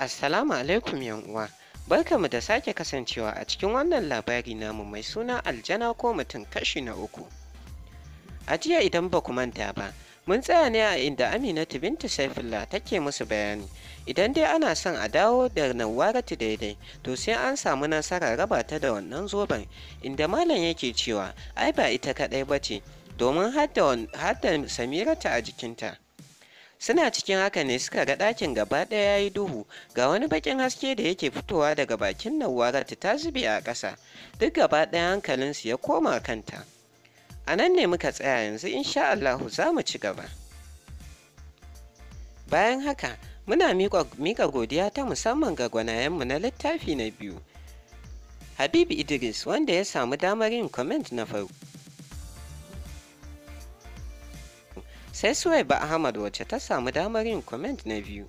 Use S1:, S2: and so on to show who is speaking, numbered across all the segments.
S1: Assalamu alaikum 'yan uwa. Barkamu da sake kasancewa a cikin wannan labari namu mai suna aljana ko mutum kashi na uku. A jiya idan ba ku manta ba, mun tsaya ne a inda Aminatu bintu Saifulla take musu bayani. Idan dai ana son a dawo da Nawwaratu daidai, to sai an samu nasara raba ta da wannan zoben, inda malam yake cewa ai ba ita kaɗai ba ce, domin har da Samira ta a jikinta. Suna cikin haka ne suka ga ɗakin gaba ɗaya ya yi duhu ga wani bakin haske da yake fitowa daga bakin Nawwarat ta zube a ƙasa duk gaba ɗaya hankalinsu ya koma kanta. A nan ne muka tsaya yanzu insha Allahu za mu ci gaba. Bayan haka muna miƙa godiya ta musamman ga gwanayenmu na littafi na biyu. Habib Idris wanda ya samu damar yin comment na farko. sai suwaiba ahmad wacce ta samu damar yin comment na biyu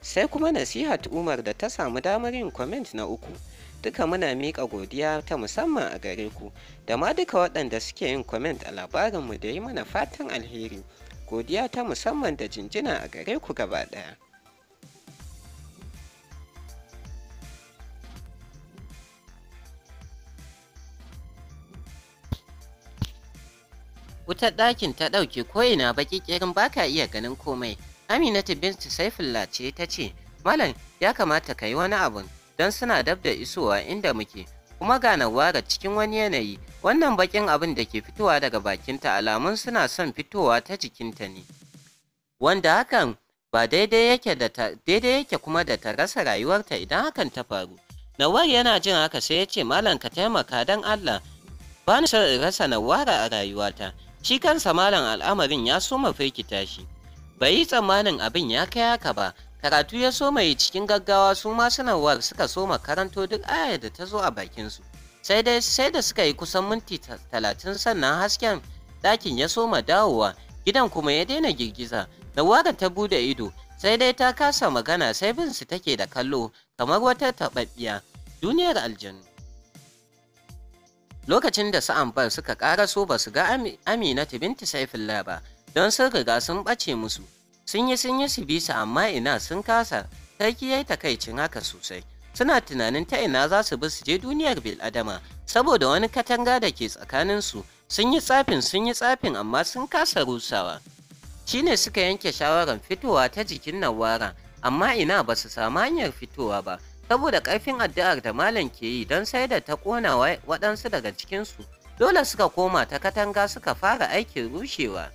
S1: sai kuma nasihat umar da ta samu damar yin comment na uku duka muna miƙa godiya ta musamman a gare ku da ma duka waɗanda suke yin comment a labarinmu da yi mana fatan alheri godiya ta musamman da jinjina a gare ku gaba ɗaya Wutar ɗakin ta ɗauke ko'ina baƙi ƙirin ba ka iya ganin komai. Aminatu bintu Saifullah ce ta ce, Malam ya kamata ka yi wani abun don suna dab da isowa inda muke. Kuma ga Nawara cikin wani yanayi, wannan baƙin abin da ke fitowa daga bakinta alamun suna son fitowa ta jikinta ne. Wanda hakan ba daidai yake da yake kuma da ta rasa rayuwarta idan hakan ta faru. Nawar yana jin haka sai ya ce Malam ka taimaka don Allah ba ni son in rasa Nawara a rayuwata. shi kansa malam al'amarin ya soma firkita shi bai yi tsammanin abin ya kai haka ba karatu ya so yi cikin gaggawa su ma sanarwar suka soma karanto duk aya da ta zo a bakinsu sai dai sai da suka yi kusan minti talatin sannan hasken ɗakin ya soma dawowa gidan kuma ya daina girgiza nawara ta bude ido sai dai ta kasa magana sai bin su take da kallo kamar wata taɓaɓɓiya duniyar aljanu lokacin da su bar suka karaso ba su ga Amina ta binti saifullah ba don sun riga sun bace musu sun yi sun yi su bi su amma ina sun kasa sarki ya yi takaicin haka sosai suna tunanin ta ina za su bi su je duniyar bil'adama saboda wani katanga da ke tsakanin su sun yi tsafin sun yi tsafin amma sun kasa rusawa Shi ne suka yanke shawarar fitowa ta jikin nawara amma ina ba su samu hanyar fitowa ba saboda ƙarfin addu'ar da malam ke yi don sai da ta ƙona waɗansu daga cikinsu dole suka koma ta katanga suka fara aikin rushewa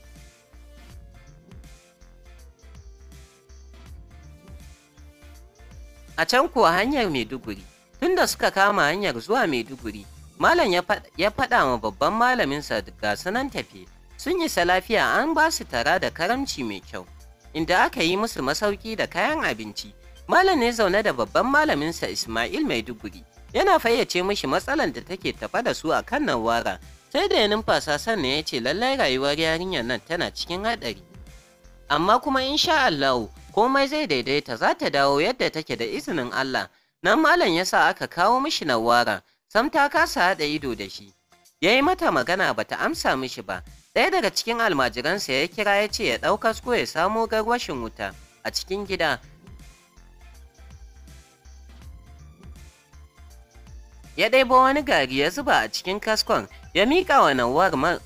S1: a can kuwa hanyar maiduguri tunda suka kama hanyar zuwa maiduguri malam ya faɗa ma babban malaminsa ga sunan tafi sun isa lafiya an ba su tara da karamci mai kyau inda aka yi musu masauki da kayan abinci Malam ne zaune da babban malaminsa Ismail Maiduguri yana fayyace mashi matsalar da take tafa da su a kan nan wara sai da ya numfasa sannan ya ce lallai rayuwar yarinyar nan tana cikin haɗari. Amma kuma in sha Allahu komai zai daidaita za ta dawo yadda take da izinin Allah nan malam ya sa aka kawo mishi nawara sam ta kasa haɗa ido da shi ya yi mata magana ba ta amsa mishi ba ɗaya daga cikin almajiransa ya kira ya ce ya ɗau kasko ya samo garwashin wuta a cikin gida ya ɗebo wani gari ya zuba a cikin kaskon ya miƙa wa nawar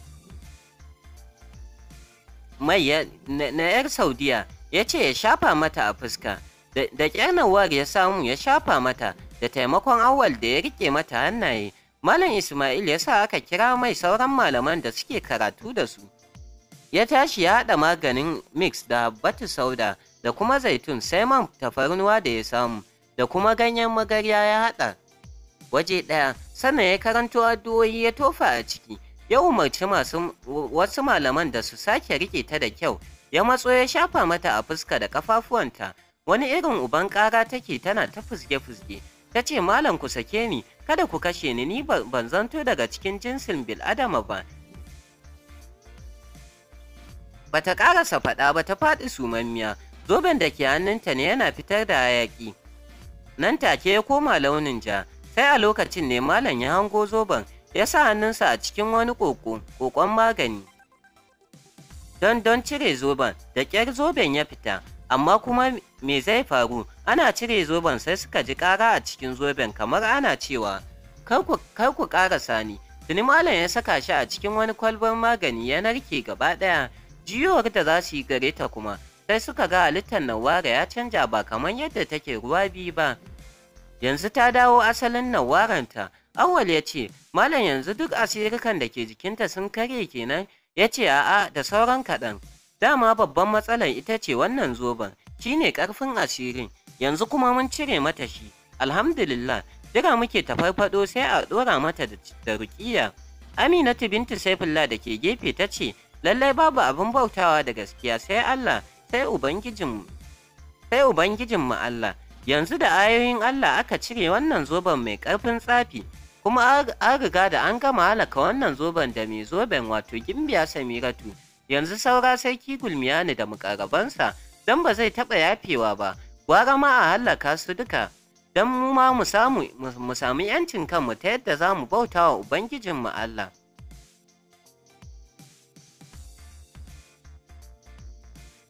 S1: mai na 'yar saudiya ya ce ya shafa mata a fuska da ƙyar nawar ya samu ya shafa mata da taimakon awal da ya riƙe mata hannaye malam ismail ya sa aka kira mai sauran malaman da suke karatu da su ya tashi ya haɗa maganin mix da habbatu sauda da kuma zaitun sai man tafarnuwa da ya samu da kuma ganyen magarya ya haɗa waje ɗaya sannan ya karanto addu'o'i ya tofa a ciki ya umarci wasu malaman da su sake rike ta da kyau ya matso ya shafa mata a fuska da kafafuwanta wani irin uban ƙara take tana ta fusge-fusge ta ce malam ku sake ni kada ku kashe ni ni ban zanto daga cikin jinsin bil adama ba bata karasa faɗa ba ta faɗi sumammiya zoben da ke hannunta ne yana fitar da hayaƙi nan take ya koma launin ja sai a lokacin ne malam ya hango zoben ya sa hannunsa a cikin wani koko kokon magani don don cire zoben da ƙyar zoben ya fita amma kuma me zai faru ana cire zoben sai suka ji ƙara a cikin zoben kamar ana cewa kar ku ƙara sani tuni malam ya saka shi a cikin wani kwalbar magani ya narke gaba ɗaya jiyowar da za su yi gare ta kuma sai suka ga halittar nawara ya canja ba kamar yadda take ruwa biyu ba yanzu ta dawo asalin nawaranta awwal ya ce malam yanzu duk asirikan da ke jikinta sun kare kenan ya ce a'a da sauran kaɗan dama babban matsalar ita ce wannan zoben Shi ne ƙarfin asirin yanzu kuma mun cire mata shi alhamdulillah jira muke ta farfado sai a ɗora mata da Amina aminatu binta saifullah da ke gefe ta ce lallai babu abin bautawa da gaskiya sai allah ubangijin sai ubangijin mu allah yanzu da ayoyin Allah aka cire wannan zoben mai ƙarfin tsafi kuma an riga da an gama halaka wannan zoben da mai zoben wato gimbiya samiratu yanzu saura sai Gulmiyanu da mukarabansa don ba zai taɓa yafewa ba gwara ma a halaka su duka don mu ma mu samu yancin kanmu ta yadda za mu bauta wa ubangijinmu Allah.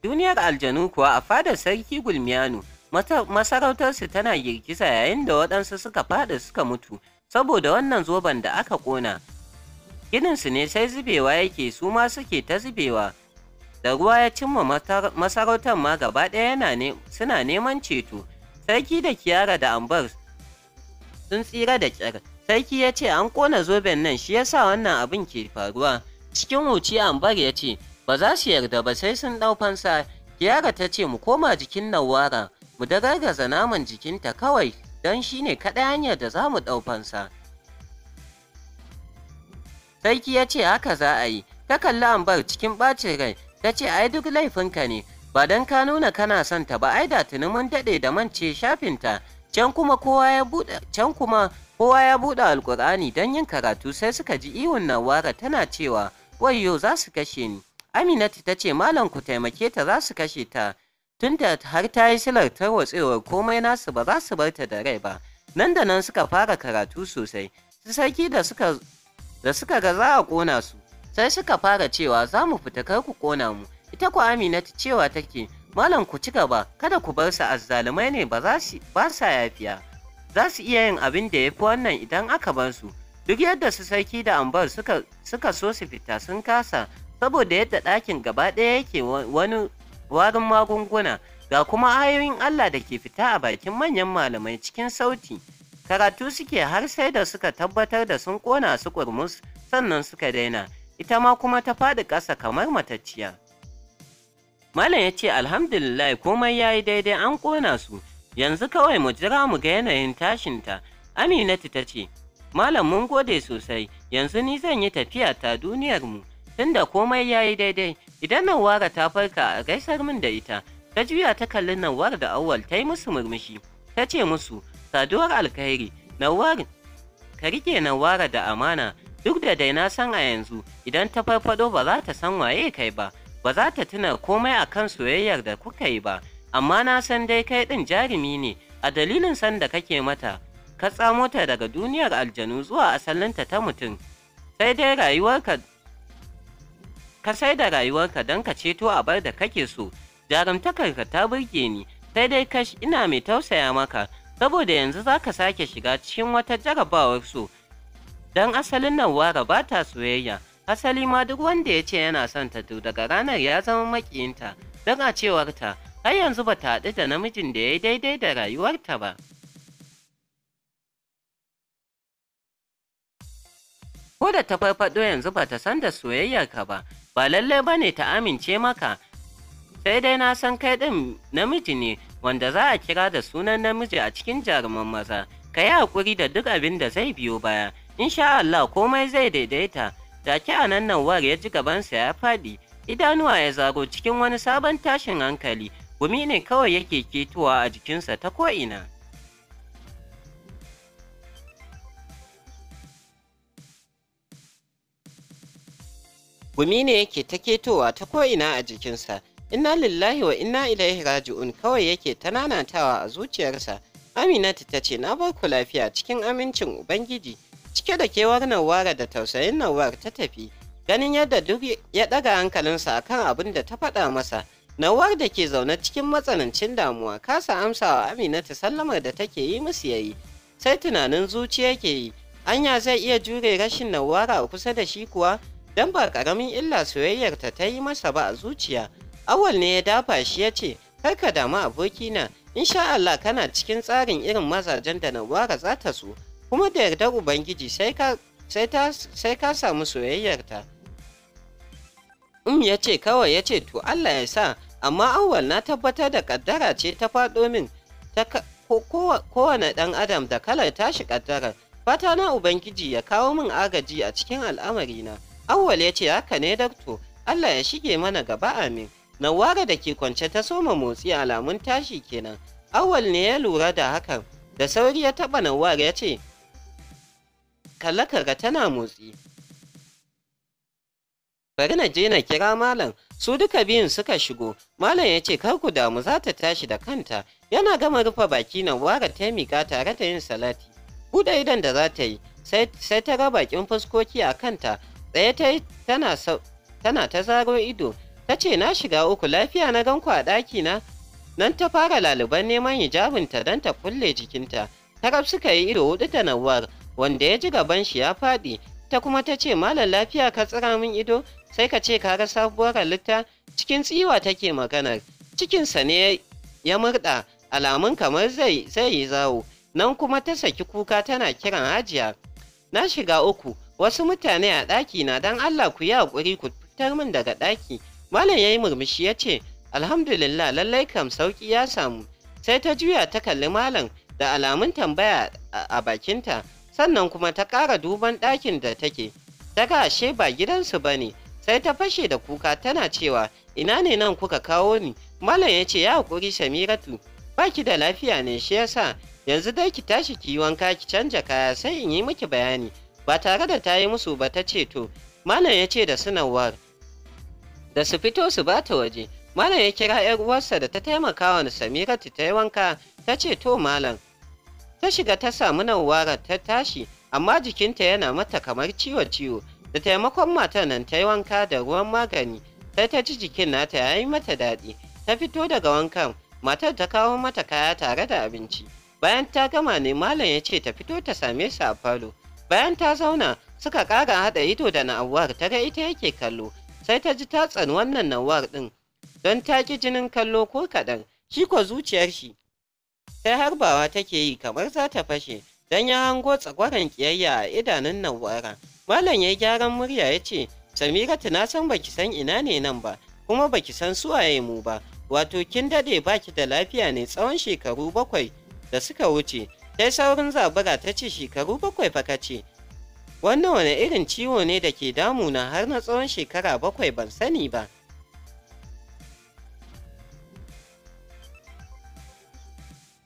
S1: Duniyar aljanu kuwa a fadar sarki Gulmiyanu Masarautarsu tana girgiza yayin da waɗansu suka faɗi suka mutu saboda wannan zoben da aka ƙona. su ne sai zubewa yake su ma suke ta zubewa. Da ruwa ya cimma masarautar ma gaba ɗaya suna neman ceto. Sarki da Kiyara da Ambar sun tsira da ƙyar. Sarki ya ce an ƙona zoben nan shi yasa wannan abin ke faruwa. Cikin wuci Ambar ya ce ba za su yarda ba sai sun ɗau fansa. Kiyara ta ce mu koma jikin Nawara. mu da naman jikinta kawai don shi ne kaɗai hanyar da za mu ɗaufansa. Saiki ya ce haka za a yi, ta kalli ambar cikin ɓacin rai, ta ce ai duk laifinka ne, ba don ka nuna kana son ta ba ai da tuni mun daɗe da mance shafinta, can kuma kowa ya buɗe can kuma kowa ya buɗe alƙur'ani don yin karatu sai suka ji ihun nawara tana cewa wayyo za su kashe ni. Aminatu ta ce malam ku taimake ta za su kashe ta. tunda har ta yi silar tarwatsewar komai nasu ba za su bar ta da rai ba nan da nan suka fara karatu sosai su sarki da suka ga za a kona su sai suka fara cewa za mu fita kar ku ƙona mu ita ku aminatu cewa take malam ku ci gaba kada ku bar su azzalumai ne ba sa yafiya za su iya yin abin da ya fi wannan idan aka bar su duk yadda su sarki da ambar suka so su fita sun kasa saboda yadda ɗakin gaba ɗaya yake wani warin magunguna ga kuma ayoyin Allah da ke fita a bakin manyan malamai cikin sauti karatu suke har sai da suka tabbatar da sun kona su kurmus sannan suka daina ita ma kuma ta faɗi ƙasa kamar matacciya malam ya ce alhamdulillah komai ya yi daidai an kona su yanzu kawai mu jira mu ga yanayin tashinta aminatu ta ce malam mun gode sosai yanzu ni zan yi tafiya ta duniyarmu tunda komai ya yi daidai Idan Nawara ta farka a gaisar min da ita, ta juya ta kalli Nawar da Awwal ta yi musu murmushi, ta ce musu, saduwar alkhairi, Nawar, ka riƙe Nawara da amana, duk da dai na san a yanzu idan ta farfado ba za ta san waye kai ba, ba za ta tuna komai a kan soyayyar da kuka yi ba, amma na san dai kai ɗin jarumi ne a dalilin san da kake mata, ka tsamo ta daga duniyar aljanu zuwa asalinta ta mutum, sai dai rayuwarka ka sai da rayuwarka don ka ceto a bar da kake so jarumtakarka ta burge ni sai dai kash ina mai tausaya maka saboda yanzu za ka sake shiga cikin wata jarabawar so don asalin nan wara ba ta soyayya asali ma duk wanda ya ce yana son ta to daga ranar ya zama maƙiyinta don a cewarta har yanzu ba ta haɗu da namijin da ya yi daidai da rayuwarta ba. Ko da ta farfaɗo yanzu ba ta san da ka ba, ba lallai ba ne ta amince maka. Sai dai na san kai ɗin namiji ne wanda za a kira da sunan namiji a cikin jaruman maza. Ka yi haƙuri da duk abin da zai biyo baya. Insha Allah komai zai daidaita. Take a nan nan war ya ji gabansa ya faɗi. Idanuwa ya zaro cikin wani sabon tashin hankali. Gumi ne kawai yake ketowa a jikinsa ta ko'ina. Gumi ne yake ta ketowa ta ko'ina a jikinsa, inna lillahi wa inna ilaihi raji'un kawai yake ta nanatawa a zuciyarsa. Aminatu ta ce na bar ku lafiya cikin amincin Ubangiji, cike da kewar Nawara da tausayin Nawar ta tafi, ganin yadda duk ya ɗaga hankalinsa akan abin da ta faɗa masa. Nawar da ke zaune cikin matsanancin damuwa kasa amsawa Aminatu sallamar da take yi musu yayi sai tunanin zuciya ke yi anya zai iya jure rashin Nawara a kusa da shi kuwa don ba ƙaramin illa soyayyarta ta yi masa ba a zuciya awal ne ya dafa shi ya ce kar ka damu abokina insha Allah kana cikin tsarin irin mazajen da Nawara za ta so kuma da yarda Ubangiji sai ka samu soyayyarta um ya ce kawai ya ce to Allah ya sa amma awal na tabbatar da kaddara ce ta faɗo min kowane ɗan adam da kalar tashi kaddara fata na ubangiji ya kawo min agaji a cikin al'amarina Awwal ya ce haka ne dakto, Allah ya shige mana gaba amin. Nawara da ke kwance ta soma motsi alamun tashi kenan. Awwal ne ya lura da hakan, da sauri ya taɓa Nawara ya ce, kaga tana motsi. Bari na je na kira malam, su duka biyun suka shigo, malam ya ce kar ku damu za ta tashi da kanta, yana gama rufe baki Nawara ta miƙa tare da yin salati. Buɗe idan da za ta yi, sai ta raba bakin fuskoki a kanta tsaye ta tana tana ta zaro ido ta ce na shiga uku lafiya na ganku a ɗaki na nan ta fara laluban neman hijabinta don ta kulle jikinta Ta tarab suka yi ido hudu da nawar wanda ya ji gaban shi ya faɗi ta kuma ta ce malam lafiya ka tsira min ido sai ka ce ka ga sabuwar halitta cikin tsiwa take maganar cikinsa ne ya murɗa alamun kamar zai yi zawo nan kuma ta saki kuka tana kiran hajiya na shiga uku wasu mutane a ɗaki na don Allah ku yi hakuri ku fitar min daga ɗaki malam ya yi murmushi ya ce alhamdulillah lallai kam sauƙi ya samu sai ta juya ta kalli malam da alamun tambaya a bakinta sannan kuma ta ƙara duban ɗakin da take ta ga ashe ba gidansu ba ne sai ta fashe da kuka tana cewa ina ne nan kuka kawo ni malam ya ce ya haƙuri samiratu ba ki da lafiya ne shi yasa yanzu dai ki tashi ki yi wanka ki canja kaya sai in yi miki bayani ba tare da ta yi musu ba ta ce to malam ya ce da sanarwar da su fito su ba ta waje malam ya kira 'yar uwarsa da ta taimaka wa samiratu ta yi wanka ta ce to malam ta shiga ta samu nawara ta tashi amma jikinta yana mata kamar ciwo-ciwo da taimakon matar nan ta yi wanka da ruwan magani sai ta ji jikin nata ya yi mata daɗi ta fito daga wankan matar ta kawo mata kaya tare da abinci bayan ta gama ne malam ya ce ta fito ta same su a falo Bayan ta zauna suka ƙara haɗa ido da na'awar ta ga ita yake kallo sai ta ji ta tsani wannan na'awar ɗin don ta ƙi jinin kallo ko kaɗan shi ko zuciyar shi sai harbawa take yi kamar za ta fashe don ya hango tsagwaron ƙiyayya a idanun nawara Malam ya gyaran murya ya ce Samiratu na san baki san ina ne nan ba kuma baki san suwaye mu ba wato kin daɗe, baki da lafiya ne tsawon shekaru bakwai da suka wuce sai saurin zabura ta ce shekaru bakwai fa ce wannan wani irin ciwo ne da ke damuna har na tsawon shekara bakwai ban sani ba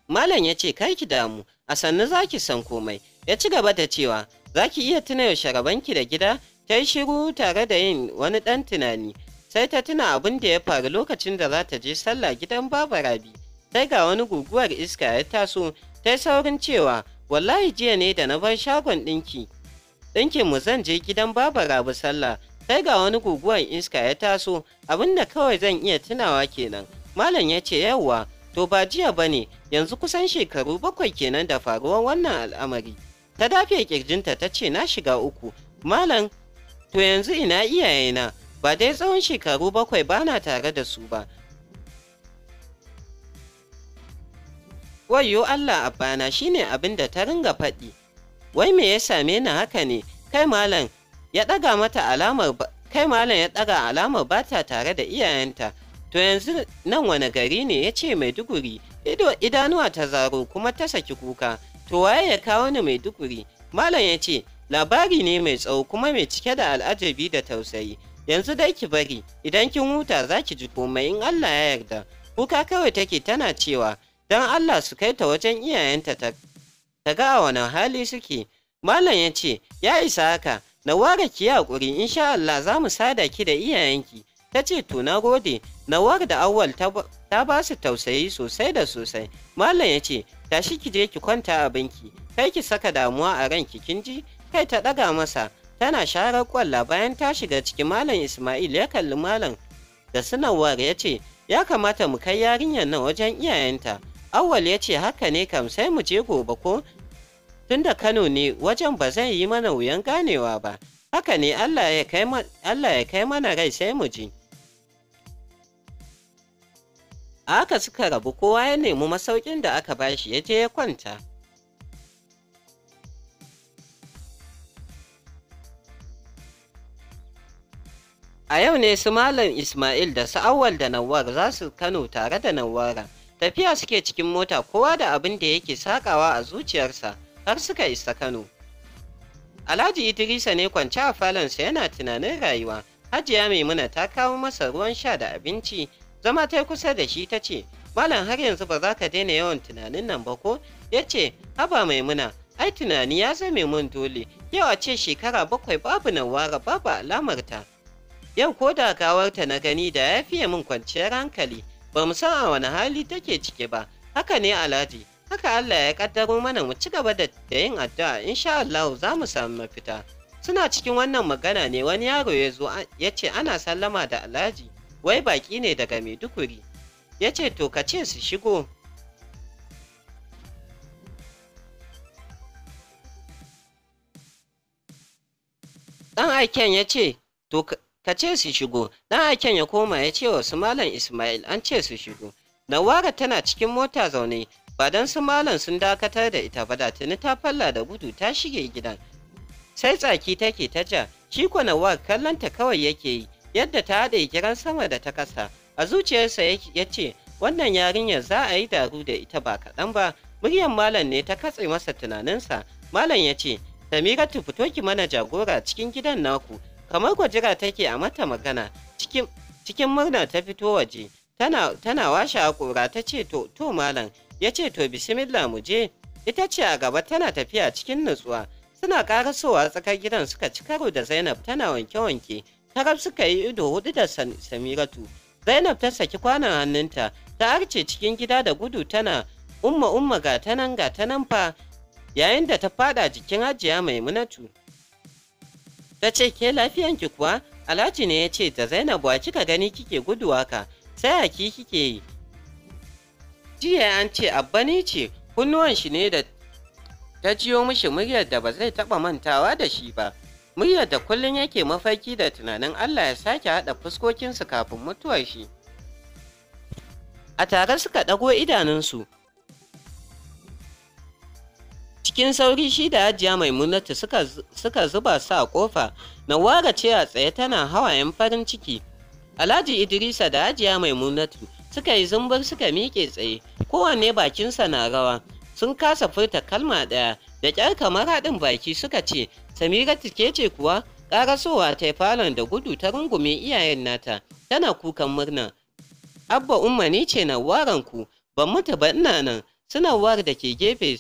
S1: malam ya ce kai ki damu a sannu za ki san komai ya ci gaba da cewa za ki iya tuna yaushe rabanki da gida ta yi shiru tare da yin wani ɗan tunani sai ta tuna abin da ya faru lokacin da za ta je sallah gidan baba rabi sai ga wani guguwar iska ya taso ta saurin cewa wallahi jiya ne da na bar shagon ɗinki ɗinkin mu zan je gidan baba rabu sallah sai ga wani guguwan iska ya taso abinda kawai zan iya tunawa kenan malam ya ce yawwa to ba jiya ba ne yanzu kusan shekaru bakwai kenan da faruwar wannan al'amari ta dafe kirjinta ta ce na shiga uku malam to yanzu ina iyayena ba dai tsawon shekaru bakwai bana tare da su ba wayo Allah abana shine abin da ta ringa faɗi. Wai me ya same ni haka ne? Kai malam ya ɗaga mata alamar kai malam ya ɗaga alamar ba ta tare da iyayenta. To yanzu nan wani gari ne yace ce Maiduguri. Ido idanuwa ta zaro kuma ta saki kuka. To waye ya kawo ni mai Maiduguri? Malam ya ce labari ne mai tsawo kuma mai cike da al'ajabi da tausayi. Yanzu dai ki bari idan kin huta za ki ji komai in Allah ya yarda. Kuka kawai take tana cewa don Allah su kai ta wajen iyayenta ta ga a wani hali suke malam ya ce ya isa haka na ware ki in insha Allah za mu sada ki da iyayenki ta ce to na gode nawar da awwal ta ba su tausayi sosai da sosai malam ya ce tashi ki je ki kwanta abinki kai ki saka damuwa a ranki kin ji kai ta ɗaga masa tana sharar kwalla bayan ta shiga ciki malam ismail ya kalli malam da sanarwar ya ce ya kamata mu kai yarinyar nan wajen iyayenta Awwal ya ce haka ne kam sai mu je gobe ko tun da Kano ne wajen ba zai yi mana wuyan ganewa ba. Haka ne Allah ya kai mana rai sai mu ji. Aka suka rabu kowa ya nemi masaukin da aka bashi ya je ya kwanta. A yau ne su Malam Ismail da su Awwal da Nawar za su Kano tare da Nawara. Tafiya suke cikin mota kowa da abin da yake sakawa a zuciyarsa har suka isa Kano. Alhaji Idrisa ne kwance a falonsa yana tunanin rayuwa. Hajiya Maimuna ta kawo masa ruwan sha da abinci, zama ta kusa da shi ta ce, Malam har yanzu ba za ka daina yawan tunanin nan ba ko? Ya ce, Haba Maimuna, ai tunani ya zame mun dole, yau a ce shekara bakwai babu nawara babu alamarta. Yau ko da gawarta na gani da ya fiye min kwanciyar hankali, ba mu san a wani hali take cike ba haka ne alhaji haka Allah ya kaddaro mana mu ci gaba da yin addu'a insha Allah za mu samu mafita suna cikin wannan magana ne wani yaro ya zo ya ce ana sallama da alhaji wai baki ne daga maiduguri ya ce to ka ce su shigo ɗan aiken ya ce to ka ce su shigo na aiken ya koma ya ce wa su malam ismail an ce su shigo nawara tana cikin mota zaune ba don su malam sun dakatar da ita ba da tuni ta falla da gudu ta shige gidan sai tsaki take ta ja shi ko nawar kallon ta kawai yake yi yadda ta haɗe giran sama da ta kasa a zuciyarsa ya ce wannan yarinya za a yi daru da ita ba kaɗan ba muryar malam ne ta katse masa tunaninsa malam ya ce tu fito ki mana jagora cikin gidan naku kamar kwajira take a mata magana cikin murna ta fito waje tana, tana washe haƙura ta ce to, malam ya ce to bismillah mu je ita ce a gaba tana tafiya cikin nutsuwa suna karasowa tsakar gidan suka ci karo da zainab tana wanke-wanke tarab suka yi ido hudu da samiratu zainab ta saki kwanon hannunta ta arce cikin gida da gudu tana umma umma ga tanan ga tanan fa yayin da ta fada jikin hajiya maimunatu ta ce ke lafiyanki kuwa alhaji ne ya ce ta zainabu a kika gani kike guduwa ka sai a ki kike yi jiya an ce abba ni ce kunnuwan shi ne da ta jiyo mishi muryar da ba zai taɓa mantawa da shi ba muryar da kullum yake mafarki da tunanin allah ya sake haɗa fuskokinsu kafin mutuwar shi a tare suka ɗago idanunsu cikin sauri shi da hajiya mai suka, suka zuba su a kofa nawara ce a tsaye tana hawa 'yan farin ciki alhaji idrisa da hajiya murnatu suka yi zumbur suka miƙe tsaye kowanne bakinsa na rawa sun kasa furta kalma ɗaya da ƙyar kamar haɗin baki suka ce samira tike ce kuwa ƙarasowa ta yi falon da gudu ta rungume iyayen nata tana kukan murna abba umma ce na waranku ban mutu ba ina nan war da ke gefe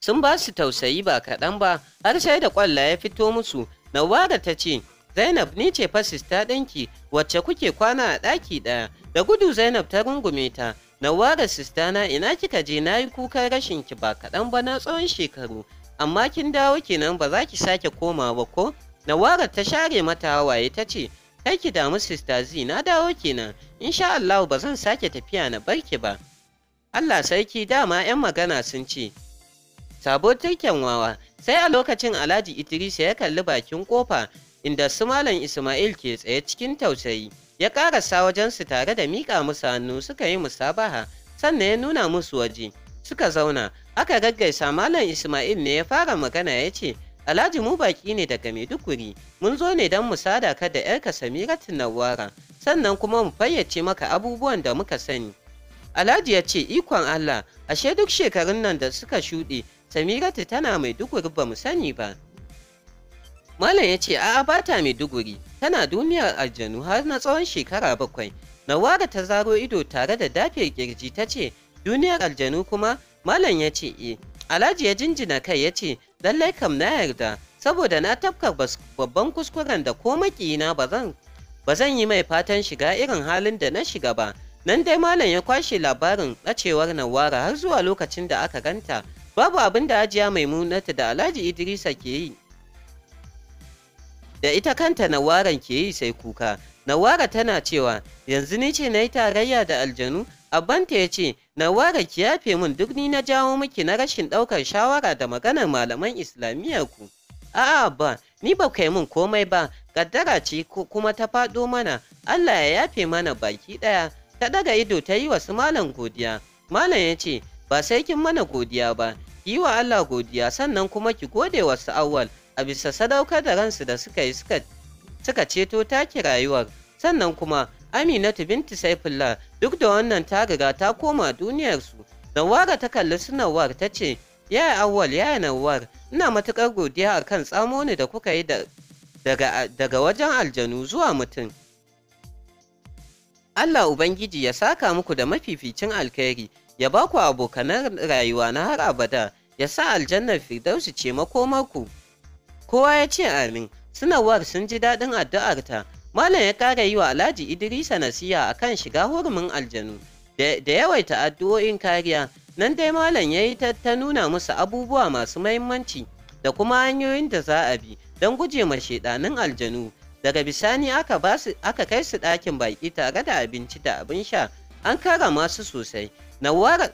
S1: sun ba su tausayi ba kaɗan ba har sai da ƙwalla ya fito musu nawara ta ce zainab ni ce fasis ɗanki wacce kuke kwana a ɗaki ɗaya da gudu zainab ta rungume ta nawara na ina kika je na yi kukan rashin ki ba kaɗan ba na tsawon shekaru amma kin dawo kenan ba za ki sake komawa ko nawara ta share mata waye ta ce kai ki damu sista z na dawo kenan insha allahu ba zan sake tafiya na barki ba Allah sarki dama 'yan magana sun ce Sabo turken wawa sai a lokacin Alhaji Idrisa ya kalli bakin kofa inda su Malam Ismail ke tsaye cikin tausayi. Ya karasa su tare da mika musu hannu suka yi musabaha sannan ya nuna musu waje. Suka zauna aka gaggaisa Malam Ismail ne ya fara magana ya ce Alhaji mu baki ne daga Maiduguri mun zo ne don mu sada ka da 'yarka Samiratu Nawara sannan kuma mu fayyace maka abubuwan da muka sani. Alhaji ya ce ikon Allah ashe duk shekarun nan da suka shuɗe Samiratu tana mai duguri ba mu sani ba. Malam ya ce a'a ba ta mai duguri. tana duniyar aljanu har na tsawon shekara bakwai. Nawara ta zaro ido tare da dafe kirji ta ce duniyar aljanu kuma Malam ya ce e. Alhaji ya jinjina kai ya ce lallai kam na yarda saboda na tafka babban kuskuren da ko makiyina ba zan yi mai fatan shiga irin halin da na shiga ba nan dai malam ya kwashe labarin ɓacewar nawara har zuwa lokacin da aka ganta Babu abin da Hajiya Maimunata da Alhaji Idrisa ke yi. Da ita kanta Nawaran ke yi sai kuka. Nawara tana cewa yanzu ni ce na yi tarayya da aljanu Abbanta ya ce, Nawara ki yafe min duk ni na jawo miki na rashin ɗaukar shawara da maganar malaman Islamiyya ku. A'a ba, ni ba kai min komai ba, kaddara ce kuma ta faɗo mana, Allah ya yafe mana baki ɗaya. Ta ɗaga ido ta yi wasu su malam godiya. Malam ya ce, ba sai kin mana godiya ba, ki wa Allah godiya sannan kuma ki gode wa Auwal a bisa sadaukar da ransu da suka yi suka ceto ceto taki rayuwar sannan kuma Aminatu binti Saifullah duk da wannan ta riga ta koma duniyar duniyarsu Nawara ta kalli sunawar ta ce yaya Awwal yaya Nawar ina matuƙar godiya akan tsamo ne da kuka yi daga daga wajen aljanu zuwa mutum Allah Ubangiji ya saka muku da mafificin alkhairi ya ba ku abokanan rayuwa na har abada ya sa aljannar firdausu ce makomaku kowa ya ce amin sanarwar sun ji daɗin addu'arta malam ya ƙara yi wa alhaji idrisa nasiha akan shiga hurumin aljanu da yawaita addu'o'in kariya nan dai malam ya yi ta nuna musu abubuwa masu mahimmanci da kuma hanyoyin da za a bi don guje ma shaidanin aljanu daga bisani aka aka kai su ɗakin baƙi tare da abinci da abin sha an kara masu sosai nawar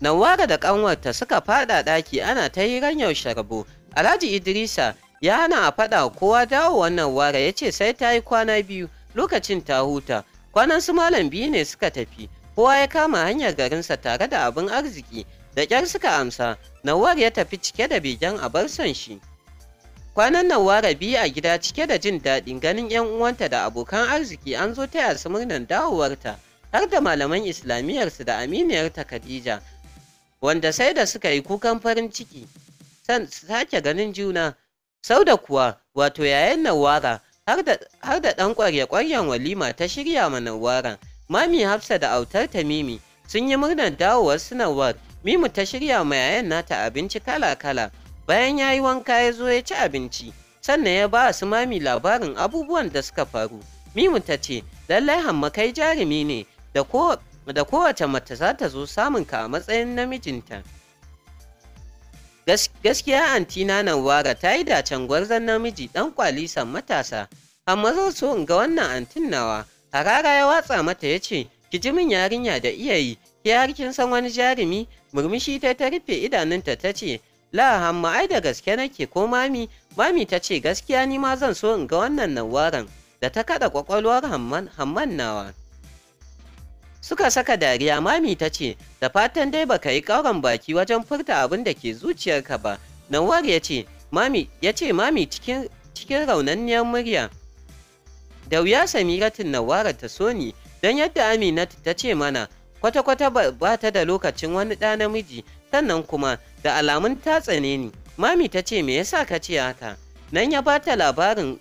S1: Nawara da ƙanwarta suka fada ɗaki ana ta hiran yaushe rabo. Alhaji Idrisa ya hana a faɗa kowa dawo wannan wara ya ce sai ta yi kwana biyu lokacin ta huta. Kwanan su malam biyu ne suka tafi. Kowa ya kama hanyar garinsa tare da abin arziki da ƙyar suka amsa. Nawar ya tafi cike da begen a bar son shi. Kwanan Nawara biyu a gida cike da jin daɗin ganin 'yan uwanta da abokan arziki an zo ta yi murnar dawowarta har da malaman islamiyarsu da aminiyarta Khadija. wanda sai da suka yi kukan farin ciki sake ganin juna sau da kuwa wato yayan nawara har da ɗan ƙwarya-ƙwaryen walima ta shirya ma nawara mami hafsa da autar ta Mimi, sun yi murnar dawowar sanarwar mimu ta shirya ma yayan nata abinci kala-kala bayan ya yi wanka ya zo ya ci abinci sannan ya ba su mami labarin abubuwan da suka faru mimu ta ce lallai hamma kai jarumi ne da da kowace mace za ta zo samun ka a matsayin namijinta. Gaskiya anti nan wara ta yi dacen gwarzon namiji ɗan kwalisan matasa, amma zan so in ga wannan antin nawa, harara ya watsa mata ya ce, ki ji min yarinya da iya yi. ki har kin san wani jarumi, murmushi ta ta rufe idanunta ta ce, la hamma ai da gaske nake ko mami, mami ta ce gaskiya ni ma zan so in ga wannan nawaran da ta kaɗa kwakwalwar hamman nawa. Suka saka dariya mami ta ce, da fatan dai baka yi ƙauran baki wajen furta abin da ke zuciyarka ba. Nawar ya ce, mami ya ce mami cikin cikin raunanniyar murya. Da wuya Samiratin Nawara ta so ni, don yadda Aminatu ta ce mana, kwata-kwata ba ta da lokacin wani ɗa namiji, sannan kuma da alamun ta tsane ni. Mami ta ce me yasa ka ce haka? Nan ya bata labarin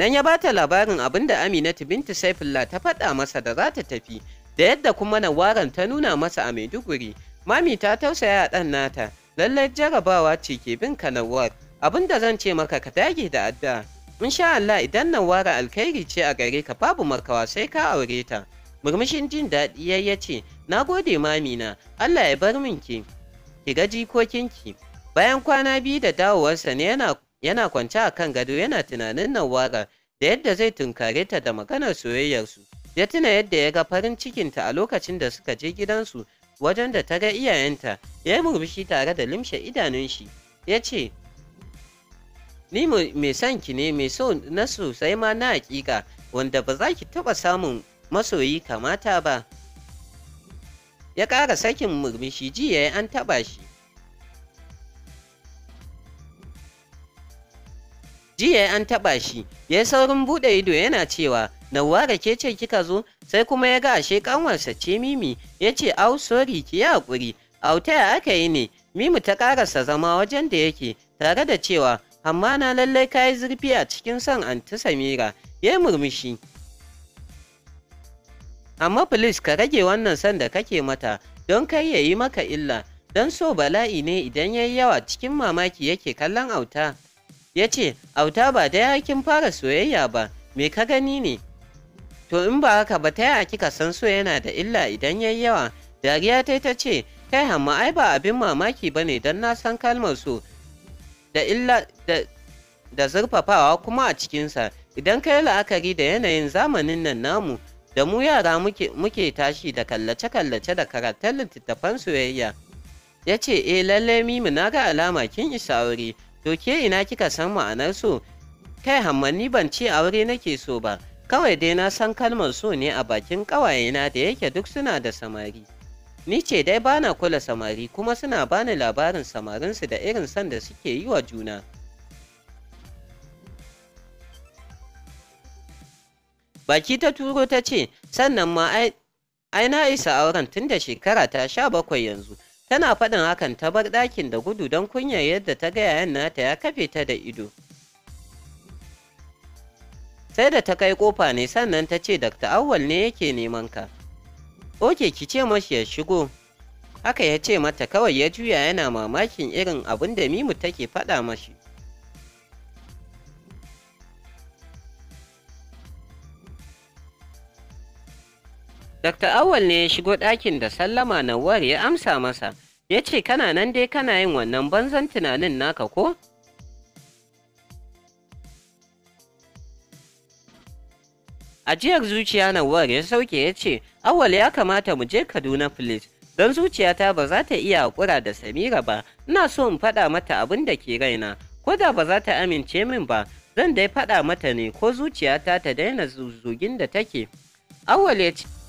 S1: Nan ya bata labarin abin da Aminatu Binta Saifullah ta faɗa masa da za ta tafi, da yadda kuma Nawaran ta nuna masa a Maiduguri. Mami ta tausaya ɗan nata, lallai jarabawa ce ke bin ka Nawar. Abin da zan ce maka ka dage da addu'a. Insha Allah idan Nawara alkhairi ce a gare ka babu markawa sai ka aure ta. Murmushin jin daɗi ya ce, Na gode mamina, Allah ya bar min ki, ki ga jikokinki. Bayan kwana biyu da dawowarsa ne yana yana kwance a kan gado yana tunanin nan waƙar da yadda zai tunkare ta da maganar soyayyarsu ya tuna yadda ya ga farin cikinta a lokacin da suka je gidansu wajen da ta ga iyayenta ya yi murmushi tare da limshe idanun shi ya ce ni mai son ki ne mai so na sosai ma na hakika wanda ba za ki taɓa samun masoyi kamata ba ya ƙara sakin murmushi ji yayi an taɓa shi Jiya an taɓa shi, ya yi saurin buɗe ido yana cewa, Nawara ke ce kika zo, sai kuma ya ga ashe ƙanwarsa ce Mimi, ya ce, Au, Sori ki yi haƙuri, au ya aka yi ne, Mimi ta ƙarasa zama wajen da yake, tare da cewa, amma na lallai ka yi zurfi a cikin son anti Samira, ya yi murmushi. Amma Filis ka rage wannan son da kake mata, don kai ya yi maka illa, don so bala'i ne idan ya yi yawa cikin mamaki yake kallon auta. ya ce auta ba da ya kin fara soyayya ba me ka gani ne to in ba haka ba ta ya kika san so yana da illa idan yayi yawa dariya ta ta ce kai hamma ai ba abin mamaki ba ne don na san kalmar so da illa da da zurfafawa kuma a cikinsa idan ka yi la'akari da yanayin zamanin nan namu da mu yara muke, tashi da kallace-kallace da karatun littattafan soyayya ya ce e eh, lalle mimu na ga alama kin isa aure to ke ina kika san ma'anar su? kai hammanni ban ce aure nake so ba kawai dai na san kalmar so ne a bakin ƙawayena da yake duk suna da samari ni ce dai bana kula samari kuma suna bani labarin samarinsu da irin san da suke yi wa juna baki ta turo ta ce sannan ma ai na isa auren tun da shekara ta sha bakwai yanzu Tana faɗin hakan ta bar ɗakin da gudu don kunyar yadda ta ga yayan nata ya kafe ta da ido. Sai da ta kai ƙofa ne sannan ta ce Dr. Awwal ne yake neman ka. Oke ki ce mashi ya shigo. Haka ya ce mata kawai ya juya yana mamakin irin abin da Mimu take faɗa mashi. Dr. Awal ne ya shigo ɗakin da sallama Nawar ya amsa masa, ya ce kana nan dai kana yin wannan banzan tunanin naka ko? Ajiyar zuciya Nawar ya sauke ya ce, Awal ya kamata mu je Kaduna filis don zuciyata ba za ta iya haƙura da Samira ba, ina so in faɗa mata abin da ke raina, ko da ba za ta amince min ba, zan dai faɗa mata ne ko zuciyata ta daina zuzugin da take. Awal ya ce,